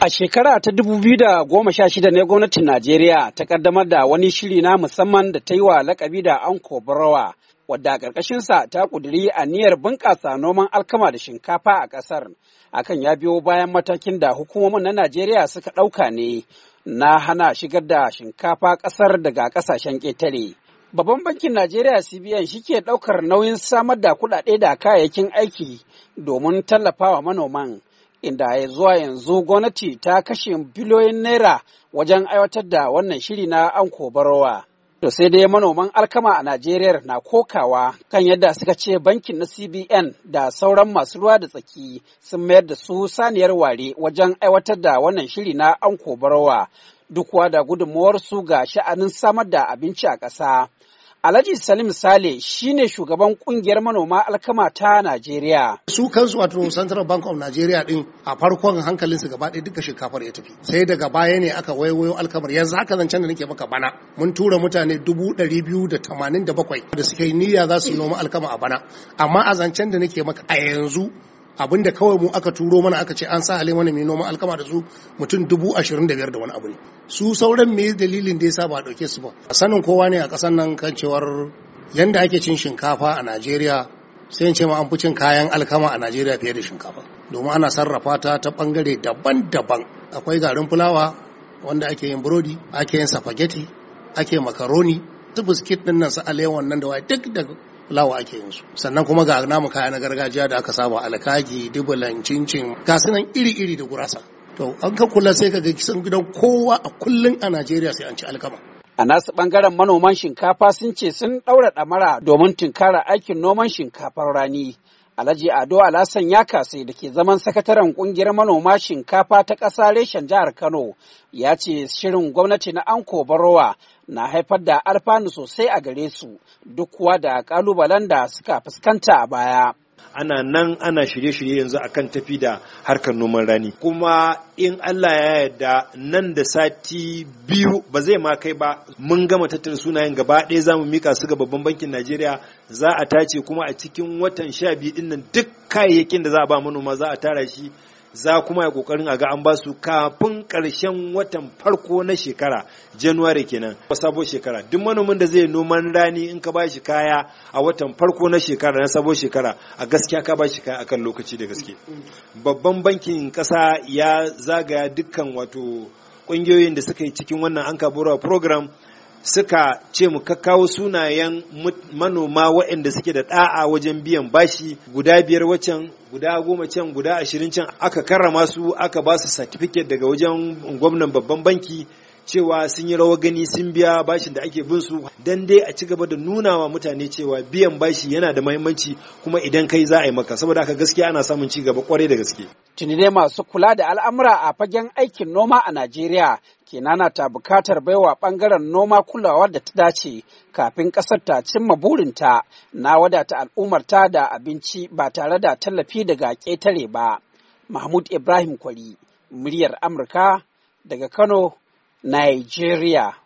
A shekara ta dubu biyu da goma sha shida ne gwamnatin Najeriya ta kaddamar da wani shiri na musamman da ta yi wa lakabi da Anko Borowa, wadda a ƙarƙashinsa ta ƙudiri a niyyar bunƙasa noman alkama da shinkafa a ƙasar. Akan ya biyo bayan matakin da hukumomin na Najeriya suka ɗauka ne na hana shigar da shinkafa ƙasar daga ƙasashen ƙetare. Babban bankin Najeriya CBN shi ke ɗaukar nauyin samar da kuɗaɗe da kayayyakin aiki domin tallafawa manoman. inda ya zuwa yanzu gwamnati ta kashe biliyoyin naira wajen aiwatar da wannan shiri na an kobarowa. To sai dai manoman alkama a Najeriya na kokawa kan yadda suka ce bankin na CBN da sauran masu ruwa da tsaki sun mayar da su saniyar ware wajen aiwatar da wannan shiri na an kobarwa duk da su ga sha'anin samar da abinci a ƙasa. Alhaji Salim Sale shine shugaban kungiyar manoma alkama ta Najeriya. Su kansu wato Central Bank of Nigeria din a farkon hankalinsu gaba ɗaya duka shinkafar ya tafi. Sai daga baya ne aka waiwayo alkamar yanzu haka zancen da nake maka bana mun tura mutane dubu ɗari biyu da tamanin da bakwai da suke niyya za su noma alkama a bana amma a zancen da nake maka a yanzu abinda kawai mu aka turo mana aka ce an sa hale mana mai noma alkama da su mutum dubu ashirin da biyar da wani abu ne su sauran me dalilin da ya sa ba a ɗauke su ba a sanin kowa ne a ƙasar nan kan cewar yanda ake cin shinkafa a najeriya sai ce ma an fi cin kayan alkama a najeriya fiye da shinkafa domin ana sarrafa ta ta bangare daban-daban akwai garin fulawa wanda ake yin burodi ake yin spaghetti ake makaroni su biskit ɗin nan su alewan nan da waye duk da fulawa ake yin su sannan kuma ga namu kaya na gargajiya da aka saba alkagi dubulan cincin ga sunan iri-iri da gurasa to an ka kula sai ka ga kisan gidan kowa a kullun a Najeriya sai an ci alkama a nasu bangaren manoman shinkafa sun ce sun ɗaura ɗamara domin tunkara aikin noman shinkafar rani Alhaji Ado Alasan ya kasai da ke zaman sakataren kungiyar manoma shinkafa ta ƙasa reshen jihar Kano ya ce shirin gwamnati na Anko Barowa na haifar da alfanu sosai a gare su duk kuwa da kalubalen da suka fuskanta a baya. ana nan ana shirye-shirye yanzu akan tafi da harkar noman rani kuma in Allah ya yarda nan da sati biyu ba zai ma kai ba mun gama tattara sunayen gaba ɗaya za mu mika su ga babban bankin Najeriya za a tace kuma a cikin watan sha biyu ɗin nan duk kayayyakin da za a ba manoma za a tara shi za kuma yi kokarin a ga an ba su kafin karshen watan farko na shekara january kenan sabon shekara duk manomin da zai noman rani in ka ba shi kaya a watan farko na shekara na sabon shekara a gaskiya ka ba shi kaya akan lokaci da gaske babban bankin ƙasa ya zagaya dukkan wato ƙungiyoyin da suka yi cikin wannan an kabura program suka ce mu kakkawo sunayen manoma waɗanda suke da ɗa'a wajen biyan bashi guda biyar wacan guda goma can guda ashirin can aka karrama su aka ba su certificate daga wajen gwamnan babban banki cewa sun yi rawa gani sun biya bashin da ake bin su dan dai a ci gaba da nuna wa mutane cewa biyan bashi yana da mahimmanci kuma idan kai za a yi maka saboda haka gaskiya ana samun ci gaba kwarai da gaske tuni ne masu kula da al'amura a fagen aikin noma a Najeriya kenana ta bukatar baiwa bangaren noma kulawa da ta dace kafin kasar ta cimma burinta na wadata al'ummarta da abinci ba tare da tallafi daga ketare ba. Mahmud Ibrahim Kwari, muryar Amurka daga Kano, Nigeria